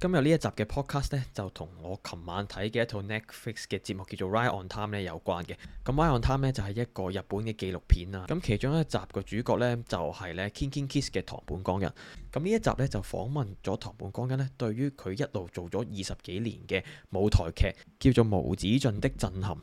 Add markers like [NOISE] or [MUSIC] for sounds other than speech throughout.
今日呢一集嘅 podcast 呢，就同我琴晚睇嘅一套 Netflix 嘅節目叫做《Ride on Time》呢有關嘅。咁《Ride on Time》呢，就係、是、一個日本嘅紀錄片喇。咁其中一集嘅主角呢，就係呢 KinKi Kids 嘅堂本光一。咁呢一集呢，就訪問咗堂本光一呢，對於佢一路做咗二十幾年嘅舞台劇，叫做《無止盡的震撼》。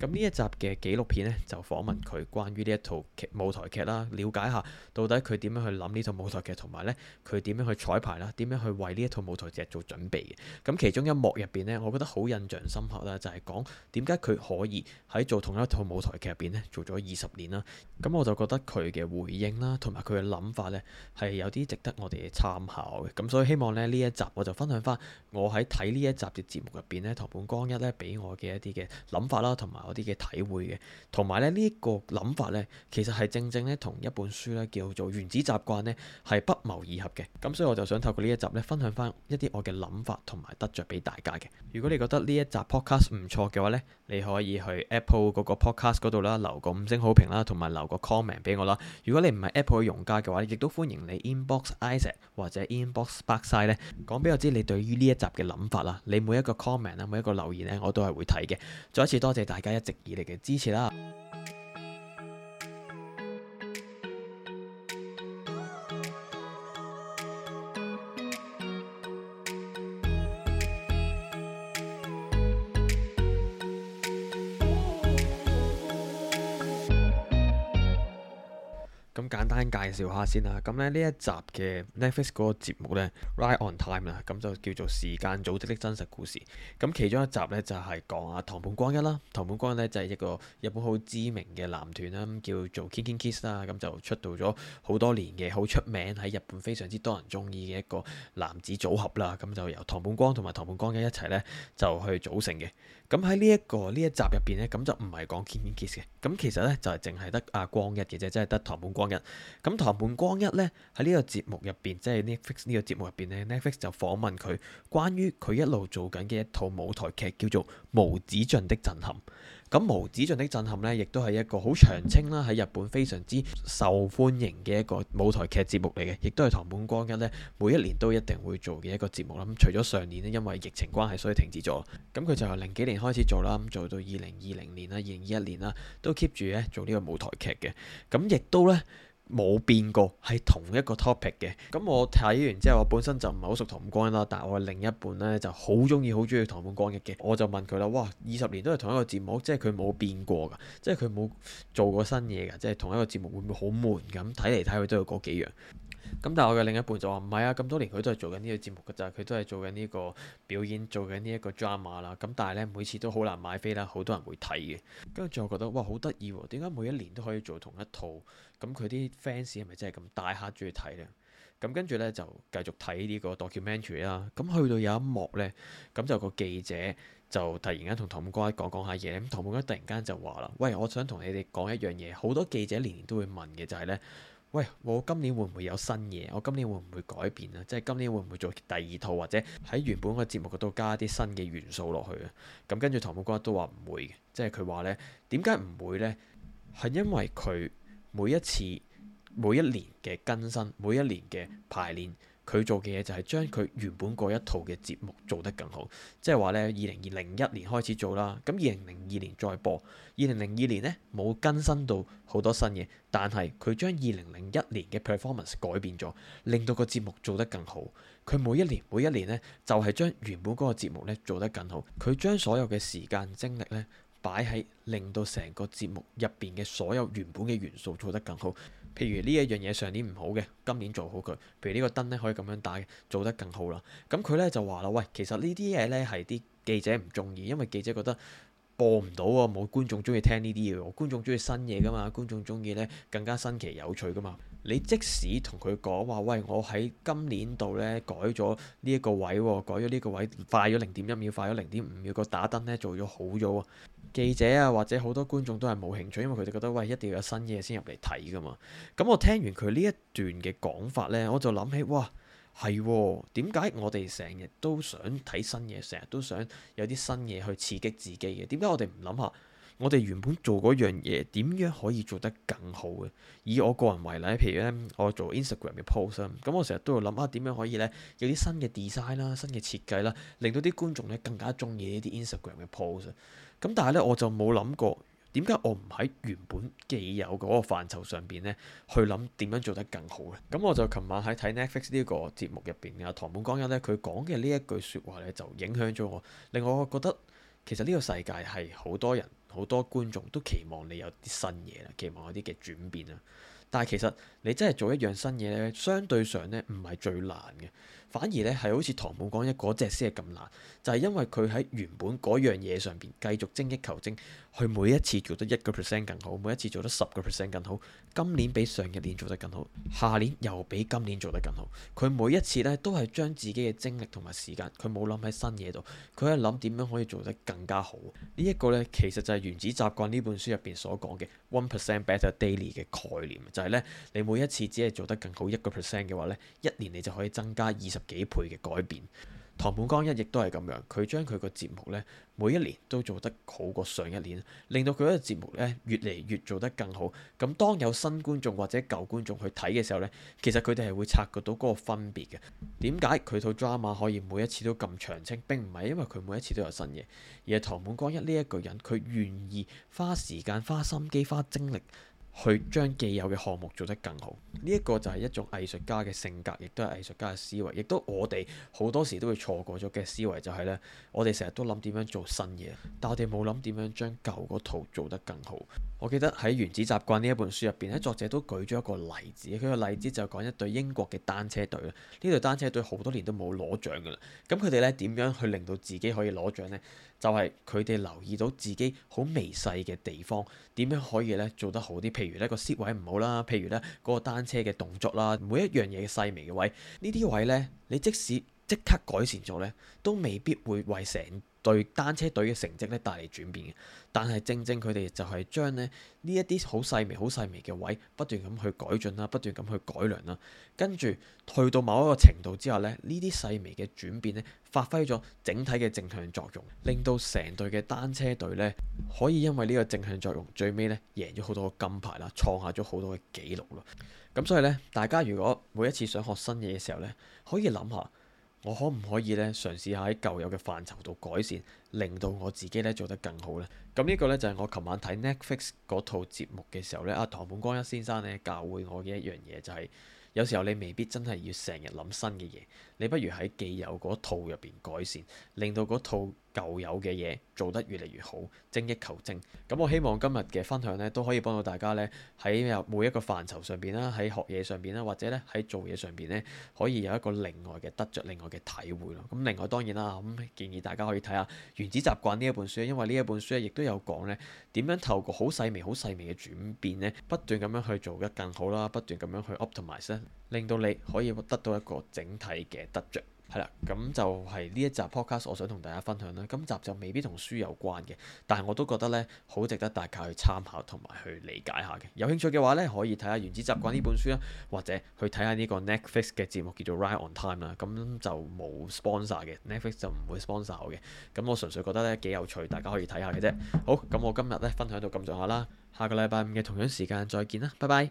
咁呢一集嘅紀錄片呢，就訪問佢關於呢一套劇舞台劇啦，了解下到底佢點樣去諗呢套舞台劇，同埋呢佢點樣去彩排啦，點樣去為呢一套舞台劇做準備嘅。咁其中一幕入邊呢，我覺得好印象深刻啦，就係講點解佢可以喺做同一套舞台劇入邊呢做咗二十年啦。咁我就覺得佢嘅回應啦，同埋佢嘅諗法呢，係有啲值得我哋參考嘅。咁所以希望咧呢一集我就分享翻我喺睇呢一集嘅節目入邊呢，堂本光一呢俾我嘅一啲嘅諗法啦，同埋，啲嘅體會嘅，同埋咧呢個諗法呢，其實係正正咧同一本書咧叫做《原子習慣》咧，係不謀而合嘅。咁所以我就想透過呢一集咧，分享翻一啲我嘅諗法同埋得着俾大家嘅。如果你覺得呢一集 podcast 唔錯嘅話咧，你可以去 Apple 嗰個 podcast 度啦，留個五星好評啦，同埋留個 comment 俾我啦。如果你唔係 Apple 嘅用家嘅話，亦都歡迎你 inbox Isaac 或者 inbox Bucksey 咧，講俾我知你對於呢一集嘅諗法啦。你每一個 comment 啊，每一個留言呢，我都係會睇嘅。再一次多謝大家一直以嚟嘅支持啦。 [NOISE] 簡單介紹下先啦，咁咧呢一集嘅 Netflix 嗰個節目呢《Right on Time》啦，咁就叫做《時間組織的真實故事》。咁其中一集呢，就係、是、講阿、啊、唐本光一啦。唐本光一咧就係一個日本好知名嘅男團啦，叫做 KinKi Kiss 啦，咁就出道咗好多年嘅，好出名，喺日本非常之多人中意嘅一個男子組合啦。咁就由唐本光同埋唐本光一一齊呢，就去組成嘅。咁喺呢一個呢一集入邊呢，咁就唔係講 KinKi Kiss 嘅。咁其實呢，就係淨係得阿光一嘅啫，即係得唐本光一。咁堂本光一呢，喺、就是、呢個節目入邊，即係呢 Netflix 呢個節目入邊咧，Netflix 就訪問佢關於佢一路做緊嘅一套舞台劇，叫做《無止盡的震撼》。咁《無止盡的震撼》呢，亦都係一個好長青啦，喺日本非常之受歡迎嘅一個舞台劇節目嚟嘅，亦都係堂本光一呢，每一年都一定會做嘅一個節目啦。咁除咗上年呢，因為疫情關係所以停止咗。咁佢就由零幾年開始做啦，咁做到二零二零年啦，二零二一年啦，都 keep 住咧做呢個舞台劇嘅。咁亦都呢。冇變過，係同一個 topic 嘅。咁我睇完之後，我本身就唔係好熟唐本光啦，但係我另一半呢就好中意好中意唐本光嘅。我就問佢啦：哇，二十年都係同一個節目，即係佢冇變過㗎，即係佢冇做過新嘢㗎，即係同一個節目會唔會好悶咁？睇嚟睇去都有嗰幾樣。咁但係我嘅另一半就話唔係啊，咁多年佢都係做緊呢個節目㗎咋。佢都係做緊呢個表演，做緊呢一個 drama 啦。咁但係呢，每次都好難買飛啦，好多人會睇嘅。跟住我覺得哇，好得意喎，點解每一年都可以做同一套？咁佢啲 fans 係咪真係咁大客住去睇呢？」咁跟住呢，就繼續睇呢個 documentary 啦。咁去到有一幕呢，咁就個記者就突然間同唐本乖講，講下嘢。咁唐本乖突然間就話啦：喂，我想同你哋講一樣嘢。好多記者年年都會問嘅就係呢。喂，我今年會唔會有新嘢？我今年會唔會改變啊？即係今年會唔會做第二套，或者喺原本個節目嗰度加啲新嘅元素落去啊？咁跟住唐寶哥都話唔會嘅，即係佢話呢，點解唔會呢？係因為佢每一次每一年嘅更新，每一年嘅排練。佢做嘅嘢就係將佢原本嗰一套嘅節目做得更好，即係話呢，二零二零一年開始做啦，咁二零零二年再播，二零零二年呢，冇更新到好多新嘢，但係佢將二零零一年嘅 performance 改變咗，令到個節目做得更好。佢每一年每一年呢，就係將原本嗰個節目呢做得更好，佢將所有嘅時間精力呢，擺喺令到成個節目入邊嘅所有原本嘅元素做得更好。譬如呢一樣嘢上年唔好嘅，今年做好佢。譬如呢個燈呢，可以咁樣打，做得更好啦。咁佢呢就話啦：喂，其實呢啲嘢呢，係啲記者唔中意，因為記者覺得播唔到啊，冇觀眾中意聽呢啲嘢，觀眾中意新嘢噶嘛，觀眾中意呢，更加新奇有趣噶嘛。你即使同佢講話，喂，我喺今年度呢改咗呢一個位喎，改咗呢個位快咗零點一秒，快咗零點五秒，個打燈呢，做咗好咗喎！記者啊，或者好多觀眾都係冇興趣，因為佢哋覺得喂一定要有新嘢先入嚟睇㗎嘛。咁我聽完佢呢一段嘅講法呢，我就諗起哇，係喎，點解我哋成日都想睇新嘢，成日都想有啲新嘢去刺激自己嘅？點解我哋唔諗下我哋原本做嗰樣嘢點樣可以做得更好嘅？以我個人為例，譬如呢，我做 Instagram 嘅 post 咁我成日都要諗下點樣可以呢，有啲新嘅 design 啦、新嘅設計啦，令到啲觀眾呢更加中意呢啲 Instagram 嘅 post。咁但係咧，我就冇諗過點解我唔喺原本既有嗰個範疇上邊咧，去諗點樣做得更好嘅。咁我就琴晚喺睇 Netflix 呢個節目入邊啊，堂本光一咧，佢講嘅呢一句説話咧，就影響咗我。令我覺得其實呢個世界係好多人、好多觀眾都期望你有啲新嘢啦，期望有啲嘅轉變啦。但係其實你真係做一樣新嘢咧，相對上咧，唔係最難嘅。反而咧係好似唐武講嘅嗰隻先係咁難，就係、是、因為佢喺原本嗰樣嘢上邊繼續精益求精，佢每一次做得一個 percent 更好，每一次做得十個 percent 更好，今年比上一年做得更好，下年又比今年做得更好。佢每一次咧都係將自己嘅精力同埋時間，佢冇諗喺新嘢度，佢係諗點樣可以做得更加好。這個、呢一個咧其實就係《原子習慣》呢本書入邊所講嘅 one percent better daily 嘅概念，就係、是、咧你每一次只係做得更好一個 percent 嘅話咧，一年你就可以增加二十幾倍嘅改變，唐本光一亦都係咁樣，佢將佢個節目呢，每一年都做得好過上一年，令到佢嗰個節目呢越嚟，越做得更好。咁當有新觀眾或者舊觀眾去睇嘅時候呢，其實佢哋係會察覺到嗰個分別嘅。點解佢套 drama 可以每一次都咁長青？並唔係因為佢每一次都有新嘢，而係唐本光一呢一個人，佢願意花時間、花心機、花精力。去將既有嘅項目做得更好，呢一個就係一種藝術家嘅性格，亦都係藝術家嘅思維，亦都我哋好多時都會錯過咗嘅思維，就係呢：我哋成日都諗點樣做新嘢，但我哋冇諗點樣將舊嗰套做得更好。我記得喺《原子習慣》呢一本書入邊，喺作者都舉咗一個例子，佢個例子就講一隊英國嘅單車隊。呢隊單車隊好多年都冇攞獎㗎啦，咁佢哋呢點樣去令到自己可以攞獎呢？就係佢哋留意到自己好微細嘅地方，點樣可以呢做得好啲，譬如。如咧個 c 位唔好啦，譬如咧嗰個單車嘅動作啦，每一樣嘢細微嘅位，位呢啲位咧，你即使即刻改善咗呢都未必會為成隊單車隊嘅成績咧帶嚟轉變嘅。但係正正佢哋就係將咧呢一啲好細微、好細微嘅位不，不斷咁去改進啦，不斷咁去改良啦，跟住去到某一個程度之後咧，呢啲細微嘅轉變咧，發揮咗整體嘅正向作用，令到成隊嘅單車隊呢可以因為呢個正向作用，最尾呢贏咗好多嘅金牌啦，創下咗好多嘅紀錄咯。咁所以呢，大家如果每一次想學新嘢嘅時候呢，可以諗下。我可唔可以呢嘗試下喺舊有嘅範疇度改善，令到我自己呢做得更好呢？咁、這、呢個呢，就係我琴晚睇 Netflix 嗰套節目嘅時候呢。阿唐本光一先生呢教會我嘅一樣嘢，就是，就係有時候你未必真係要成日諗新嘅嘢，你不如喺既有嗰套入邊改善，令到嗰套。舊有嘅嘢做得越嚟越好，精益求精。咁我希望今日嘅分享呢，都可以幫到大家呢，喺入每一個範疇上邊啦，喺學嘢上邊啦，或者咧喺做嘢上邊呢，可以有一個另外嘅得着、另外嘅體會咯。咁另外當然啦，咁建議大家可以睇下《原子習慣》呢一本書，因為呢一本書咧亦都有講呢點樣透過好細微、好細微嘅轉變呢，不斷咁樣去做得更好啦，不斷咁樣去 optimize，令到你可以得到一個整體嘅得着。係啦，咁就係呢一集 podcast 我想同大家分享啦。今集就未必同書有關嘅，但係我都覺得呢好值得大家去參考同埋去理解下嘅。有興趣嘅話呢，可以睇下《原子習慣》呢本書啦，或者去睇下呢個 Netflix 嘅節目叫做《Right On Time》啦。咁就冇 sponsor 嘅，Netflix 就唔會 sponsor 嘅。咁我純粹覺得呢幾有趣，大家可以睇下嘅啫。好，咁我今日呢分享到咁上下啦，下個禮拜五嘅同樣時間再見啦，拜拜。